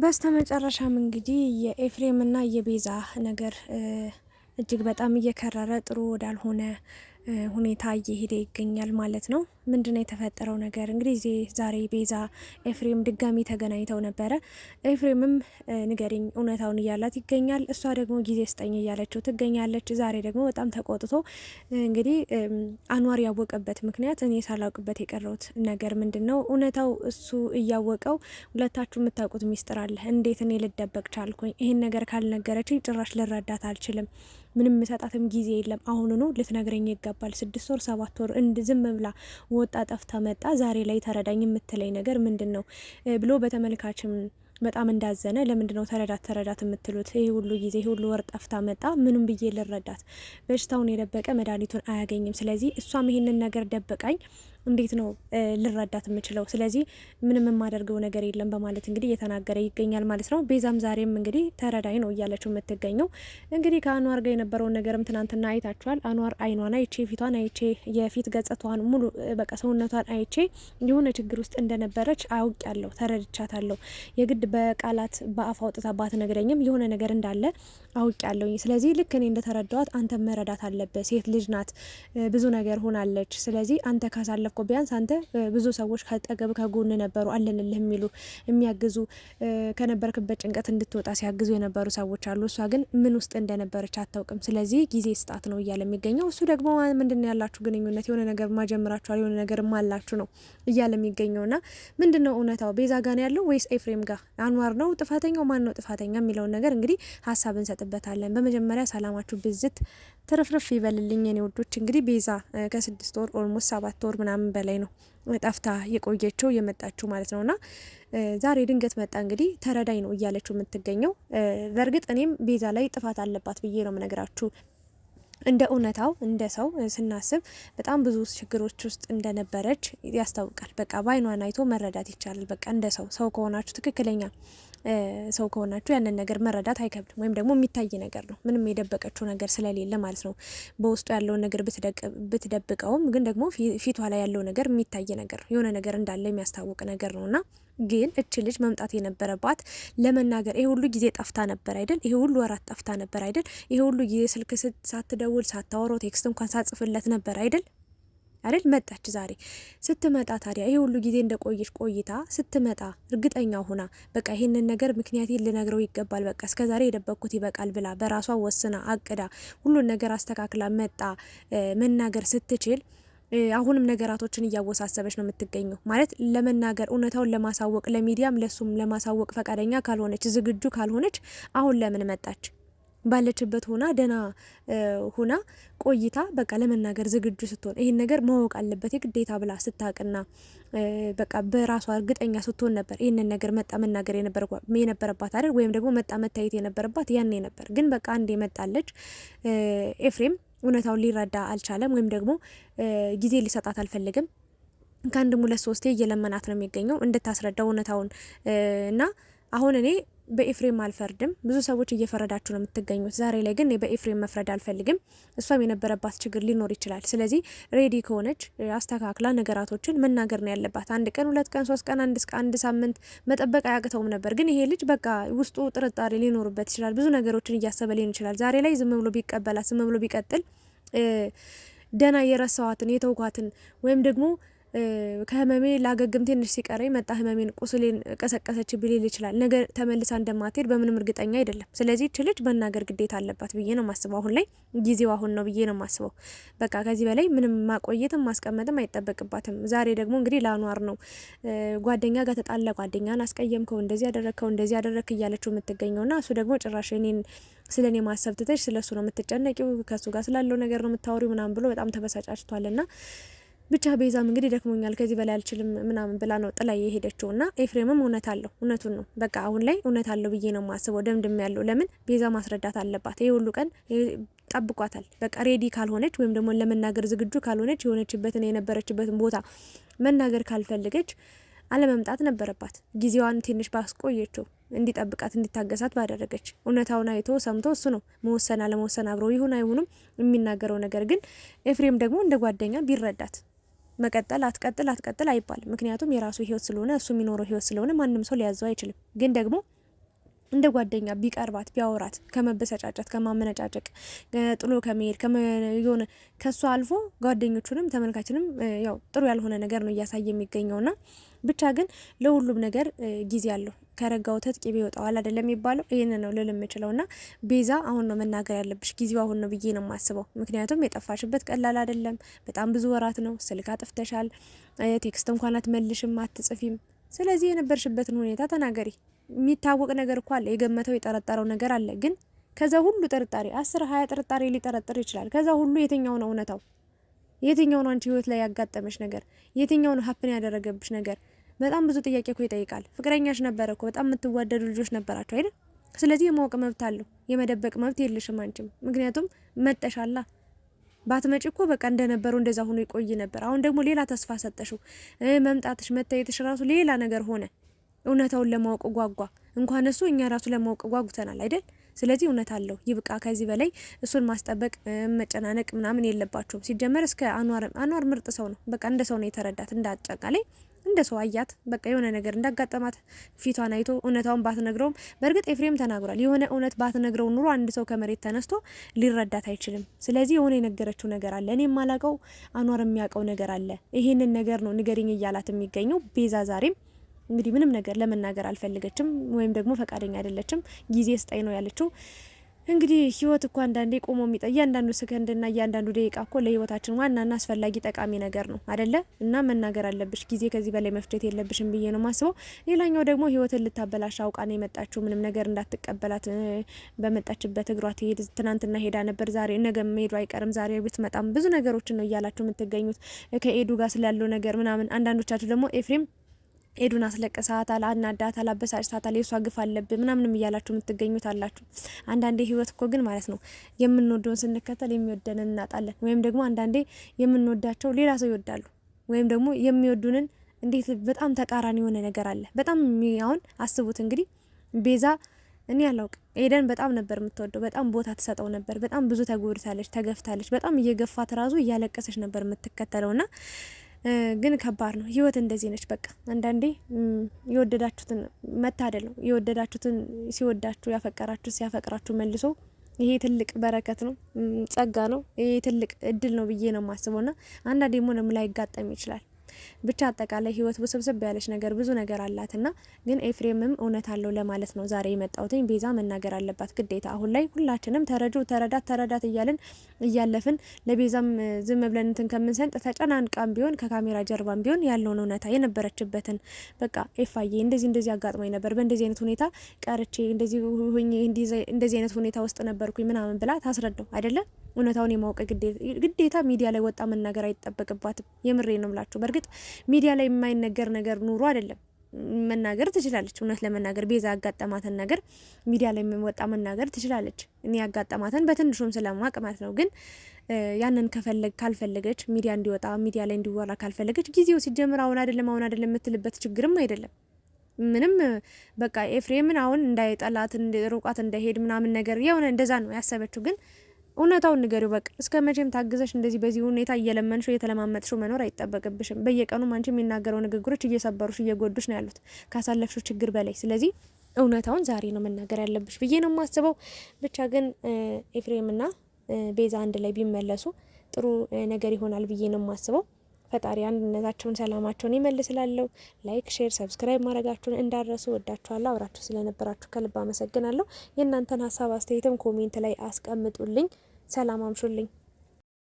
በስተመጨረሻም እንግዲህ የኤፍሬም እና የቤዛ ነገር እጅግ በጣም እየከረረ ጥሩ ወዳልሆነ ሁኔታ እየሄደ ይገኛል ማለት ነው። ምንድን ነው የተፈጠረው ነገር? እንግዲህ ዛሬ ቤዛ ኤፍሬም ድጋሚ ተገናኝተው ነበረ። ኤፍሬምም ንገሪኝ እውነታውን እያላት ይገኛል። እሷ ደግሞ ጊዜ ስጠኝ እያለችው ትገኛለች። ዛሬ ደግሞ በጣም ተቆጥቶ እንግዲህ አንዋር ያወቀበት ምክንያት እኔ ሳላውቅበት የቀረውት ነገር ምንድን ነው? እውነታው እሱ እያወቀው ሁለታችሁ የምታውቁት ሚስጥር አለ። እንዴት እኔ ልደበቅ ቻልኩኝ? ይህን ነገር ካልነገረችኝ ጭራሽ ልረዳት አልችልም። ምንም ምሰጣትም ጊዜ የለም። አሁኑኑ ልትነግረኝ ይገባል። ስድስት ወር ሰባት ወር እንድ ዝም ብላ ወጣ ጠፍታ መጣ ዛሬ ላይ ተረዳኝ የምትለኝ ነገር ምንድን ነው ብሎ በተመልካችም በጣም እንዳዘነ ለምንድን ነው ተረዳት ተረዳት የምትሉት? ይህ ሁሉ ጊዜ ሁሉ ወር ጠፍታ መጣ ምንም ብዬ ልረዳት? በሽታውን የደበቀ መድኃኒቱን አያገኝም። ስለዚህ እሷም ይሄንን ነገር ደብቃኝ እንዴት ነው ልረዳት የምችለው? ስለዚህ ምንም የማደርገው ነገር የለም በማለት እንግዲህ እየተናገረ ይገኛል ማለት ነው። ቤዛም ዛሬም እንግዲህ ተረዳኝ ነው እያለችው የምትገኘው እንግዲህ ከአኗር ጋር የነበረውን ነገርም ትናንትና አይታችኋል። አኗር አይኗን አይቼ ፊቷን አይቼ የፊት ገጽቷን ሙሉ በቃ ሰውነቷን አይቼ የሆነ ችግር ውስጥ እንደነበረች አውቅ ያለው ተረድቻታለሁ። የግድ በቃላት በአፍ አውጥታ ባትነግረኝም የሆነ ነገር እንዳለ አውቅ ያለውኝ። ስለዚህ ልክ እኔ እንደተረዳዋት አንተ መረዳት አለበት። ሴት ልጅ ናት፣ ብዙ ነገር ሆናለች። ስለዚህ አንተ ካሳለፍ እኮ ቢያንስ አንተ ብዙ ሰዎች ከጠገብ ከጎን ነበሩ፣ አለንልህ የሚሉ የሚያግዙ ከነበርክበት ጭንቀት እንድትወጣ ሲያግዙ የነበሩ ሰዎች አሉ። እሷ ግን ምን ውስጥ እንደነበረች አታውቅም። ስለዚህ ጊዜ ስጣት ነው እያለ የሚገኘው እሱ ደግሞ ምንድነው ያላችሁ ግንኙነት የሆነ ነገር ማጀምራችኋል፣ የሆነ ነገር ማላችሁ ነው እያለ የሚገኘው ና ምንድን ነው እውነታው ቤዛ ጋን ያለው ወይስ ኤፍሬም ጋር? አንዋር ነው ጥፋተኛው? ማን ነው ጥፋተኛ የሚለውን ነገር እንግዲህ ሀሳብ እንሰጥበታለን። በመጀመሪያ ሰላማችሁ ብዝት ትርፍርፍ ይበልልኝ የኔ ውዶች። እንግዲህ ቤዛ ከስድስት ወር ኦልሞስት ሰባት ወር ምናምን ከአመት በላይ ነው ጠፍታ የቆየችው የመጣችው ማለት ነውና ዛሬ ድንገት መጣ። እንግዲህ ተረዳኝ ነው እያለችው የምትገኘው። በእርግጥ እኔም ቤዛ ላይ ጥፋት አለባት ብዬ ነው የምነግራችሁ እንደ እውነታው እንደ ሰው ስናስብ በጣም ብዙ ችግሮች ውስጥ እንደነበረች ያስታውቃል። በቃ ባይኗን አይቶ መረዳት ይቻላል። በቃ እንደ ሰው ሰው ከሆናችሁ ትክክለኛ ሰው ከሆናችሁ ያንን ነገር መረዳት አይከብድም። ወይም ደግሞ የሚታይ ነገር ነው፣ ምንም የደበቀችው ነገር ስለሌለ ማለት ነው። በውስጡ ያለውን ነገር ብትደብቀውም ግን ደግሞ ፊቷ ላይ ያለው ነገር የሚታይ ነገር የሆነ ነገር እንዳለ የሚያስታውቅ ነገር ነውና ግን እች ልጅ መምጣት የነበረባት ለመናገር ይሄ ሁሉ ጊዜ ጠፍታ ነበር አይደል? ይሄ ሁሉ ወራት ጠፍታ ነበር አይደል? ይሄ ሁሉ ጊዜ ስልክ ሳትደውል ሳታወሮ ቴክስት እንኳን ሳጽፍለት ነበር አይደል? አይደል? መጣች ዛሬ። ስትመጣ ታዲያ ይሄ ሁሉ ጊዜ እንደቆየች ቆይታ ስትመጣ እርግጠኛ ሆና በቃ ይሄንን ነገር ምክንያት ልነግረው ይገባል፣ በቃ ዛሬ የደበቅኩት ይበቃል ብላ በራሷ ወስና አቅዳ ሁሉን ነገር አስተካክላ መጣ መናገር ስትችል አሁንም ነገራቶችን እያወሳሰበች ነው የምትገኘው። ማለት ለመናገር እውነታውን ለማሳወቅ ለሚዲያም ለሱም ለማሳወቅ ፈቃደኛ ካልሆነች ዝግጁ ካልሆነች አሁን ለምን መጣች? ባለችበት ሆና ደህና ሆና ቆይታ በቃ ለመናገር ዝግጁ ስትሆን ይሄን ነገር ማወቅ አለበት የግዴታ ብላ ስታቅና በቃ በራሷ እርግጠኛ ስትሆን ነበር ይህንን ነገር መጣ መናገር የነበረባት አይደል? ወይም ደግሞ መጣ መታየት የነበረባት ያኔ ነበር። ግን በቃ አንዴ መጣለች። ኤፍሬም እውነታውን ሊረዳ አልቻለም፣ ወይም ደግሞ ጊዜ ሊሰጣት አልፈልግም። ከአንድም ሁለት ሶስቴ እየለመናት ነው የሚገኘው እንድታስረዳው እውነታውን እና አሁን እኔ በኤፍሬም አልፈርድም። ብዙ ሰዎች እየፈረዳችሁ ነው የምትገኙት። ዛሬ ላይ ግን በኤፍሬም መፍረድ አልፈልግም። እሷም የነበረባት ችግር ሊኖር ይችላል። ስለዚህ ሬዲ ከሆነች አስተካክላ ነገራቶችን መናገር ነው ያለባት። አንድ ቀን፣ ሁለት ቀን፣ ሶስት ቀን፣ አንድ እስከ አንድ ሳምንት መጠበቅ አያቅተውም ነበር። ግን ይሄ ልጅ በቃ ውስጡ ጥርጣሬ ሊኖርበት ይችላል። ብዙ ነገሮችን እያሰበ ሊሆን ይችላል። ዛሬ ላይ ዝም ብሎ ቢቀበላት፣ ዝም ብሎ ቢቀጥል ደና የረሳዋትን የተውኳትን ወይም ደግሞ ከህመሜ ላገግም ትንሽ ሲቀረኝ መጣ ህመሜን ቁስሌን ቀሰቀሰች ሊል ይችላል። ነገ ተመልሳ እንደማትሄድ በምንም እርግጠኛ አይደለም። ስለዚህ እች ልጅ መናገር ግዴታ አለባት ብዬ ነው ማስበው። አሁን ላይ ጊዜው አሁን ነው ብዬ ነው ማስበው። በቃ ከዚህ በላይ ምንም ማቆየትም ማስቀመጥም አይጠበቅባትም። ዛሬ ደግሞ እንግዲህ ለአኗር ነው ጓደኛ ጋር ተጣለ፣ ጓደኛን አስቀየምከው፣ እንደዚህ ያደረግከው፣ እንደዚህ ያደረግክ እያለችው የምትገኘው ና እሱ ደግሞ ጭራሽ እኔን ስለ እኔ ማሰብ ትተሽ ስለ እሱ ነው የምትጨነቂው፣ ከእሱ ጋር ስላለው ነገር ነው የምታወሪው ምናምን ብሎ በጣም ተበሳጫችቷል ና ብቻ ቤዛም እንግዲህ ደክሞኛል፣ ከዚህ በላይ አልችልም ምናምን ብላ ነው ጥላ የሄደችው እና ኤፍሬምም እውነት አለው እውነቱን ነው በቃ አሁን ላይ እውነት አለው ብዬ ነው ማስበው ደምድም ያለው ለምን ቤዛ ማስረዳት አለባት ይህ ሁሉ ቀን ጠብቋታል። በቃ ሬዲ ካልሆነች ወይም ደግሞ ለመናገር ዝግጁ ካልሆነች የሆነችበትን የነበረችበትን ቦታ መናገር ካልፈልገች አለመምጣት ነበረባት። ጊዜዋን ትንሽ ባስቆየችው እንዲጠብቃት እንዲታገሳት ባደረገች እውነታውን አይቶ ሰምቶ እሱ ነው መወሰን አለመወሰን አብሮ ይሁን አይሁንም የሚናገረው ነገር ግን ኤፍሬም ደግሞ እንደ ጓደኛ ቢረዳት መቀጠል አትቀጥል አትቀጥል አይባልም። ምክንያቱም የራሱ ህይወት ስለሆነ እሱ የሚኖረው ህይወት ስለሆነ ማንም ሰው ሊያዘው አይችልም። ግን ደግሞ እንደ ጓደኛ ቢቀርባት ቢያወራት ከመበሰጫጨት ከማመነጫጨቅ ጥሎ ከመሄድ የሆነ ከሱ አልፎ ጓደኞቹንም ተመልካችንም ያው ጥሩ ያልሆነ ነገር ነው እያሳየ የሚገኘውና ብቻ ግን ለሁሉም ነገር ጊዜ አለው። ከረጋው ወተት ቅቤ ይወጣዋል አይደለም የሚባለው? ይህን ነው ልል የምችለው እና ቤዛ አሁን ነው መናገር ያለብሽ፣ ጊዜው አሁን ነው ብዬ ነው የማስበው። ምክንያቱም የጠፋሽበት ቀላል አይደለም፣ በጣም ብዙ ወራት ነው። ስልክ አጥፍተሻል፣ ቴክስት እንኳን አትመልሽም፣ አትጽፊም። ስለዚህ የነበርሽበትን ሁኔታ ተናገሪ። የሚታወቅ ነገር እኮ አለ፣ የገመተው የጠረጠረው ነገር አለ። ግን ከዛ ሁሉ ጥርጣሬ አስር ሀያ ጥርጣሬ ሊጠረጥር ይችላል። ከዛ ሁሉ የትኛው ነው እውነታው? የትኛው ነው አንቺ ህይወት ላይ ያጋጠመሽ ነገር? የትኛው ነው ሀፕን ያደረገብሽ ነገር? በጣም ብዙ ጥያቄ እኮ ይጠይቃል። ፍቅረኛሽ ነበረ እኮ በጣም የምትዋደዱ ልጆች ነበራቸው አይደል? ስለዚህ የማወቅ መብት አለው፣ የመደበቅ መብት የለሽም አንቺም። ምክንያቱም መጠሻላ ባትመጪ እኮ በቃ እንደነበሩ እንደዛ ሆኖ ይቆይ ነበር። አሁን ደግሞ ሌላ ተስፋ ሰጠሽው። መምጣትሽ መታየትሽ ራሱ ሌላ ነገር ሆነ። እውነታውን ለማወቅ ጓጓ። እንኳን እሱ እኛ ራሱ ለማወቅ ጓጉተናል አይደል? ስለዚህ እውነት አለው። ይብቃ። ከዚህ በላይ እሱን ማስጠበቅ መጨናነቅ ምናምን የለባቸውም። ሲጀመር እስከ አኗር አኗር ምርጥ ሰው ነው። በቃ እንደ ሰው ነው የተረዳት እንዳጠቃላይ እንደ ሰው አያት። በቃ የሆነ ነገር እንዳጋጠማት ፊቷን አይቶ እውነታውን ባትነግረውም፣ በእርግጥ ኤፍሬም ተናግሯል። የሆነ እውነት ባትነግረው ኑሮ አንድ ሰው ከመሬት ተነስቶ ሊረዳት አይችልም። ስለዚህ የሆነ የነገረችው ነገር አለ፣ እኔ የማላቀው አኗር የሚያውቀው ነገር አለ። ይሄንን ነገር ነው ንገሪኝ እያላት የሚገኘው ቤዛ ዛሬም እንግዲህ ምንም ነገር ለመናገር አልፈለገችም፣ ወይም ደግሞ ፈቃደኛ አይደለችም። ጊዜ ስጠይ ነው ያለችው። እንግዲህ ህይወት እኮ አንዳንዴ ቆሞ የሚጠ እያንዳንዱ ሰከንድና እያንዳንዱ ደቂቃ እኮ ለህይወታችን ዋናና አስፈላጊ ጠቃሚ ነገር ነው አደለ? እና መናገር አለብሽ። ጊዜ ከዚህ በላይ መፍጀት የለብሽም ብዬ ነው ማስበው። ሌላኛው ደግሞ ህይወትን ልታበላሽ አውቃ ነው የመጣችው። ምንም ነገር እንዳትቀበላት በመጣችበት እግሯ ትሄድ። ትናንትና ሄዳ ነበር፣ ዛሬ ነገ መሄዱ አይቀርም፣ ዛሬ ብትመጣም ብዙ ነገሮችን ነው እያላችሁ የምትገኙት ከኤዱ ጋር ስላለው ነገር ምናምን። አንዳንዶቻችሁ ደግሞ ኤፍሬም ኤዱን አስለቅሳታል፣ አናዳታል፣ አበሳጭታታል፣ የእሷ ግፍ አለብን ምናምንም እያላችሁ የምትገኙት አላችሁ። አንዳንዴ ህይወት እኮ ግን ማለት ነው የምንወደውን ስንከተል የሚወደንን እናጣለን። ወይም ደግሞ አንዳንዴ የምንወዳቸው ሌላ ሰው ይወዳሉ። ወይም ደግሞ የሚወዱንን እንዴት በጣም ተቃራኒ የሆነ ነገር አለ። በጣም አሁን አስቡት እንግዲህ ቤዛ እኔ አላውቅ ኤደን በጣም ነበር የምትወደው። በጣም ቦታ ትሰጠው ነበር። በጣም ብዙ ተጎድታለች፣ ተገፍታለች። በጣም እየገፋት ራሱ እያለቀሰች ነበር የምትከተለው ና ግን ከባድ ነው። ህይወት እንደዚህ ነች። በቃ አንዳንዴ የወደዳችሁትን መታደል ነው። የወደዳችሁትን ሲወዳችሁ፣ ያፈቀራችሁ ሲያፈቅራችሁ መልሶ ይሄ ትልቅ በረከት ነው፣ ጸጋ ነው። ይሄ ትልቅ እድል ነው ብዬ ነው የማስበው። ና አንዳንዴ ደግሞ ላይጋጠም ይችላል ብቻ አጠቃላይ ህይወት ውስብስብ ያለች ነገር ብዙ ነገር አላትና ግን ኤፍሬምም እውነት አለው ለማለት ነው ዛሬ የመጣውትኝ። ቤዛ መናገር አለባት ግዴታ። አሁን ላይ ሁላችንም ተረጁ ተረዳት ተረዳት እያልን እያለፍን ለቤዛም ዝም ብለን እንትን ከምንሰንጥ ተጨናንቃም ቢሆን ከካሜራ ጀርባም ቢሆን ያለውን እውነታ የነበረችበትን በቃ ኤፋዬ እንደዚህ እንደዚህ አጋጥሞኝ ነበር፣ በእንደዚህ አይነት ሁኔታ ቀርቼ እንደዚህ እንደዚህ አይነት ሁኔታ ውስጥ ነበርኩኝ ምናምን ብላ ታስረዳው አይደለም እውነታውን የማወቅ ግዴታ ሚዲያ ላይ ወጣ መናገር አይጠበቅባትም። የምሬ ነው ምላችሁ። በእርግጥ ሚዲያ ላይ የማይነገር ነገር ኑሮ አይደለም መናገር ትችላለች። እውነት ለመናገር ቤዛ ያጋጠማትን ነገር ሚዲያ ላይ ወጣ መናገር ትችላለች። እኔ ያጋጠማትን በትንሹም ስለማቅ ማለት ነው። ግን ያንን ከፈለግ ካልፈለገች ሚዲያ እንዲወጣ ሚዲያ ላይ እንዲወራ ካልፈለገች ጊዜው ሲጀምር አሁን አይደለም አሁን አይደለም የምትልበት ችግርም አይደለም። ምንም በቃ ኤፍሬምን አሁን እንዳይጠላት ሩቃት እንዳይሄድ ምናምን ነገር የሆነ እንደዛ ነው ያሰበችው ግን እውነታውን ንገሪው። በቃ እስከ መቼም ታግዘሽ እንደዚህ በዚህ ሁኔታ እየለመንሽ እየተለማመጥሽ መኖር አይጠበቅብሽም። በየቀኑ አንቺ የሚናገረው ንግግሮች እየሰበሩሽ እየጎዱሽ ነው ያሉት ካሳለፍሽው ችግር በላይ። ስለዚህ እውነታውን ዛሬ ነው መናገር ያለብሽ ብዬ ነው የማስበው። ብቻ ግን ኤፍሬምና ቤዛ አንድ ላይ ቢመለሱ ጥሩ ነገር ይሆናል ብዬ ነው የማስበው። ፈጣሪ አንድነታቸውን፣ ሰላማቸውን ይመልስላለው። ላይክ፣ ሼር፣ ሰብስክራይብ ማድረጋችሁን እንዳረሱ። ወዳችኋለሁ። አብራችሁ ስለነበራችሁ ከልብ አመሰግናለሁ። የእናንተን ሀሳብ አስተያየትም ኮሜንት ላይ አስቀምጡልኝ። ሰላም አምሹልኝ።